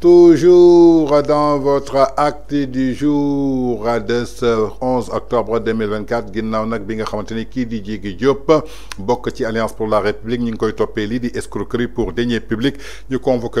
Toujours dans votre acte du jour de ce 11 octobre 2024 alliance pour la république escroquerie pour public public, ñu convoqué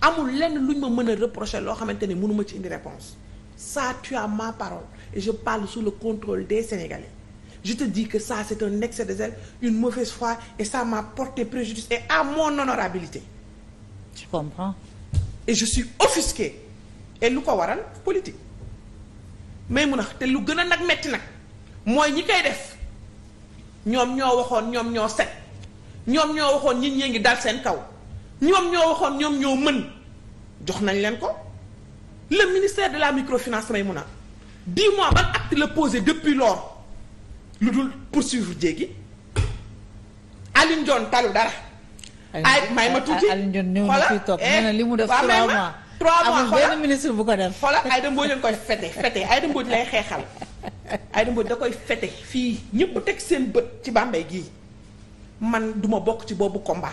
amul lenn luñ ma mën a reprocher loo xamante ne mënuma ci indi réponse ça tu as ma parole et je parle sous le contrôle des Sénégalais je te dis que ça c'est un excès de zèle une mauvaise foi et ça m'a porté préjudice et à mon honorabilité tu comprends et je suis offusqué et lu ko waral politique mais mun a te lu gën a nag metti nag mooy ñi koy def ñoom ñoo waxoon ñoom ñoo set ñoom ñoo waxoon ñi ñee ngi dal seen kaw ñoom ñoo waxoon ñoom ñoo mën jox nañ leen ko le ministère de la microfinance may mun a dis-moi ban acte la posé depuis lors lu dul poursuivre jéegi Alioune Dione talu dara. ay may ma tuuti Alioune Dione ñëw na fii toog eh, na li mu def 3 mois. 3 mois amul benn ministre bu ko def. xoolal Aïda Mbodj lañ koy fete fete Aïda Mbodj lay xeexal Aïda Mbodj da koy fete fii ñëpp teg seen bët ci Bambey gii man duma bokk ci boobu combat.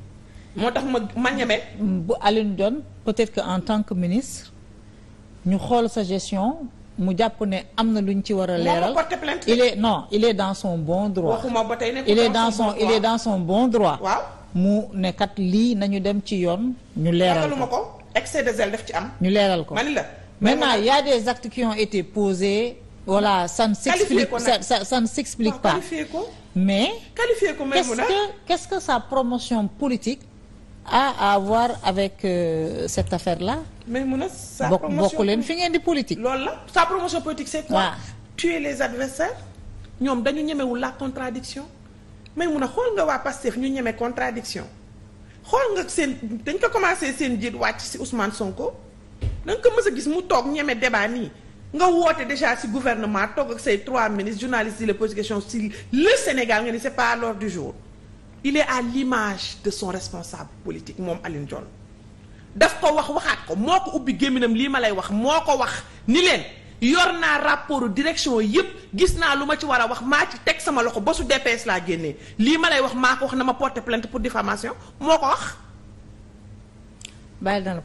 moo ma ma bu Alioune Dione peut-être que en tant que ministre ñu xol sa gestion mu japp ne amna luñ ci wara a il est non il est dans son bon droit. waxuma batay tey il est dans son il est dans son bon droit. waaw mu ne kat li nañu dem ci yoon. ñu leeral ko excès de zèle def ci am. ñu leeral ko man maintenant il y a des actes qui ont été posés. voilà ça ne s'explique ça, ça, ça ne s'explique pas. mais. qualifié ko qu'est-ce que qu'est-ce que sa promotion politique a à voir avec euh, cette affaire-là Mais Mouna, sa Bo promotion politique. politique. Lola, sa promotion politique, c'est quoi ah. Tuer les adversaires Nous avons la contradiction. Mais Mouna, quand on va passer, nous avons contradiction. Quand on a commencé à dire que Ousmane Sonko, nous avons vu que nous avons débat. nga woote déjà si gouvernement toog trois ministres journalistes les positions si le Sénégal ce ni c'est pas à l'ordre du jour il est à l'image de son responsable politique Mom ne daf ko wax waxat ko moko ubbi que wax wax ni rapport direction ci wax ci sama loxo DPS wax plainte pour diffamation wax.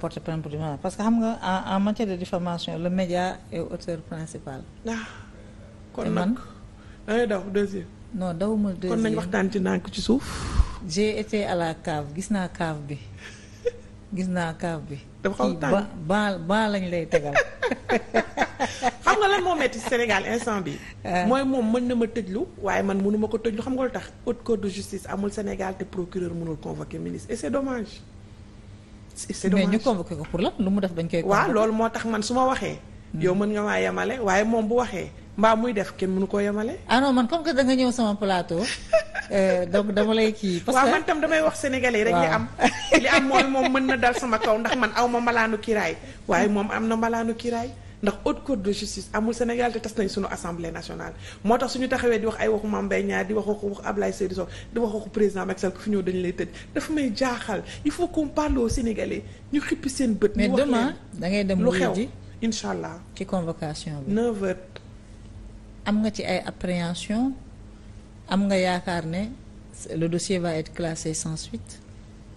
porter plainte pour diffamation parce que xam en matière de diffamation le média est auteur principal. Ah, kon non dawuma deuxième kon nañ waxtaan ci ndànk ci suuf. j'ai été à la cave gis naa cave bi gis naa cave bi. dafa xaw ba ba ba lañ lay tegal. xam nga lan moo metti Sénégal instant bi euh. mooy moom mën na ma tëjlu waaye man mënu ko tëjlu xam nga lu tax haute cour de justice amul Sénégal te procureur mënul convoquer ministre et c'est dommage. c'est dommage mais ñu convoqué ko pour lan lu mu def dañ koy. waaw loolu moo tax man su ma waxee. Hmm. yow mën nga maa yemale waaye moom bu waxee. mbaa muy def kenn mënu ko yemale. ah non man comme que da nga ñëw sama plateau. Euh, donc dama lay kii. parce que waaw man tam damay wax sénégalais rek li am. li am mooy moom mën na dal sama kaw ndax man aw ma malaanu kiraay waaye moom am na malaanu kiraay. ndax haute cour de justice amul Sénégal te tas nañ suñu assemblée nationale moo tax suñu taxawee di wax ay waxu Mame Mbaye Niang di wax waxu waxu Ablaye Seydou Sow di wax waxu président Macky Sall ku fi ñëw lay tëj dafa jaaxal il faut qu'on parle aux Sénégalais ñu xippi seen bët. ñu wax leen lu xew mais dem lu xew incha allah. ci convocation bi 9h. am nga ci ay appréhension am nga yaakaar ne le dossier va être classé sans suite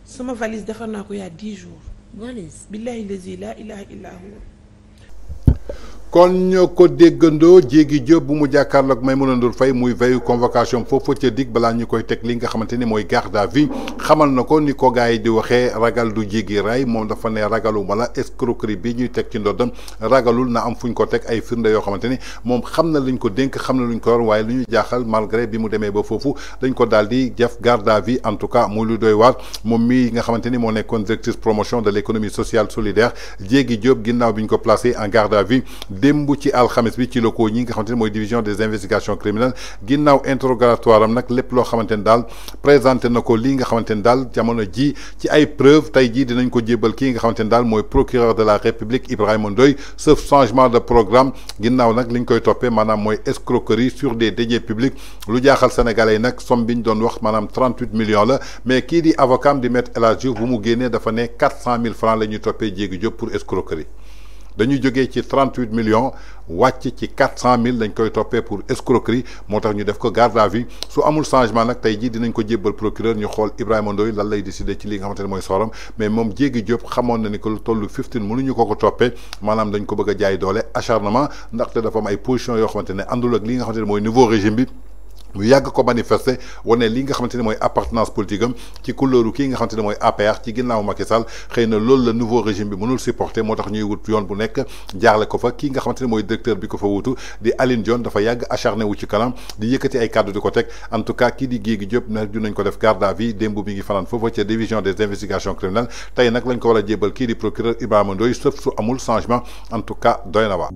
sama valise defar naa ko yaa 10 jours valise billahi lazi la ilaha illa huwa kon ñoo ko déggandoo jéegi Diop bu mu jàkkaarloog Maimouna veyu convocation fofu, ca dig Bala ñu koy teg li nga xamante Noko mooy garde à vue xamal na ni ko gars di waxee ragal du jéegi ray moom dafa ne ragalu mala escroquerie bi ñuy ci ni luñ ko jaaxal malgré bi mu demee ba foofu dañ ko daal di garde à en tout cas muy lu doy waar moom mii directrice promotion de l'économie sociale solidaire jéegi Djob ginnaaw bi ko placé en garde à vue dembu ci alxames bi ci la ñi nga xamante moy division des investigations criminelles ginnaw interrogatoire am nag lépp loo xamante ne daal présenté na ko nga xamante dal jamono ji ci ay preuves tay ji dinañ ko djébal ki nga xamante d'Al, moy procureur de la république Ibrahima Ndoye ce changement de programme ginnaw nak liñ koy topé manam moy escroquerie sur des deniers publics lu jaaxal sénégalais nak som biñ doon wax manam 38 millions la mais ki di avocat di maître El Hadji bu mu génnee dafa né 400000 francs lañu topé toppee djop pour escroquerie dañu jogé ci 38 millions wacc ci 400 mille dañ koy topé pour escroquerie motax ñu def ko garde à vie su amul changement nak tay ji dinañ ko jébbal procureur ñu xol Ibrahima Ndoye lan lay décider ci li nga xamante moy mooy mais mom Diégui Diop xamone na ni ko tollu 15 mënuñu ko ko topé manam dañ ko bëgg jaay doole acharnement ndax té dafa am ay position yo xamante andul ak li nga xamante moy nouveau régime bi il y ko manifester li nga appartenance politique ci ki nga xamanteni moy APR ci Macky Sall nouveau régime bi mënul supporter motax ñuy wut yoon bu le ko fa nga directeur bi ko fa di Aline Dion dafa acharné wu ci kalam di yëkëti ay en tout cas qui di na nañ ko def à vie. mi ngi division des investigations criminelles tay nak lañ ko procureur Ibrahima su amul en tout cas doyna